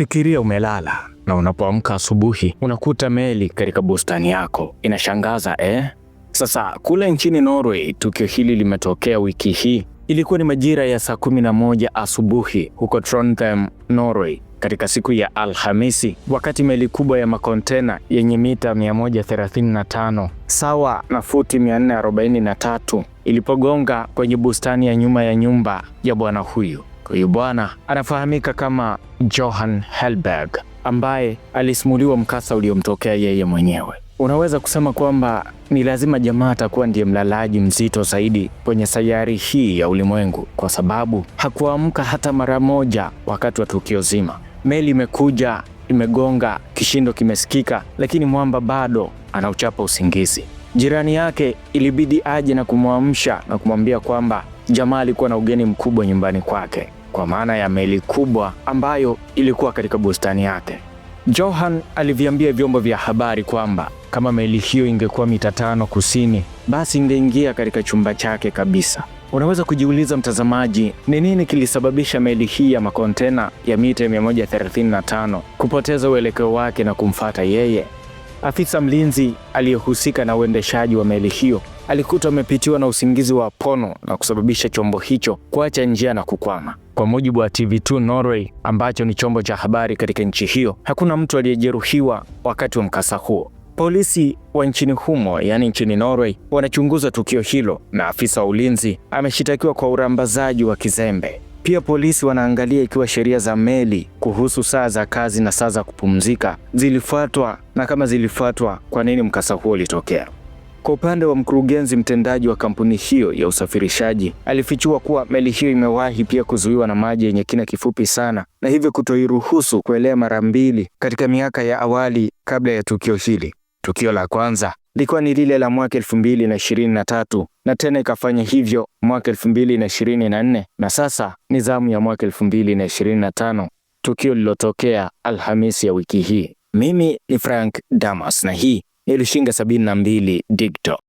Fikiria umelala na unapoamka asubuhi unakuta meli katika bustani yako. Inashangaza eh? Sasa kule nchini Norway tukio hili limetokea wiki hii. Ilikuwa ni majira ya saa 11 asubuhi huko Trondheim, Norway, katika siku ya Alhamisi, wakati meli kubwa ya makontena yenye mita 135 sawa na futi 443 ilipogonga kwenye bustani ya nyuma ya nyumba ya bwana huyu. Huyu bwana anafahamika kama Johan Helberg ambaye alisimuliwa mkasa uliomtokea yeye mwenyewe. Unaweza kusema kwamba ni lazima jamaa atakuwa ndiye mlalaji mzito zaidi kwenye sayari hii ya ulimwengu, kwa sababu hakuamka hata mara moja wakati wa tukio zima. Meli imekuja imegonga, kishindo kimesikika, lakini mwamba bado anauchapa usingizi. Jirani yake ilibidi aje na kumwamsha na kumwambia kwamba jamaa alikuwa na ugeni mkubwa nyumbani kwake, kwa maana ya meli kubwa ambayo ilikuwa katika bustani yake. Johan aliviambia vyombo vya habari kwamba kama meli hiyo ingekuwa mita tano kusini, basi ingeingia katika chumba chake kabisa. Unaweza kujiuliza mtazamaji, ni nini kilisababisha meli hii ya makontena ya mita 135 kupoteza uelekeo wake na kumfata yeye? Afisa mlinzi aliyehusika na uendeshaji wa meli hiyo alikutwa amepitiwa na usingizi wa pono na kusababisha chombo hicho kuacha njia na kukwama. Kwa mujibu wa TV2 Norway ambacho ni chombo cha habari katika nchi hiyo, hakuna mtu aliyejeruhiwa wakati wa mkasa huo. Polisi wa nchini humo, yaani nchini Norway, wanachunguza tukio hilo na afisa wa ulinzi ameshitakiwa kwa urambazaji wa kizembe. Pia polisi wanaangalia ikiwa sheria za meli kuhusu saa za kazi na saa za kupumzika zilifuatwa, na kama zilifuatwa, kwa nini mkasa huo ulitokea. Kwa upande wa mkurugenzi mtendaji wa kampuni hiyo ya usafirishaji, alifichua kuwa meli hiyo imewahi pia kuzuiwa na maji yenye kina kifupi sana na hivyo kutoiruhusu kuelea mara mbili katika miaka ya awali kabla ya tukio hili. Tukio la kwanza likuwa ni lile la mwaka 2023 na tena ikafanya hivyo mwaka 2024 na sasa ni zamu ya mwaka 2025, tukio lilotokea Alhamisi ya wiki hii. Mimi ni Frank Damas na hii ilishinda sabini na mbili dikto.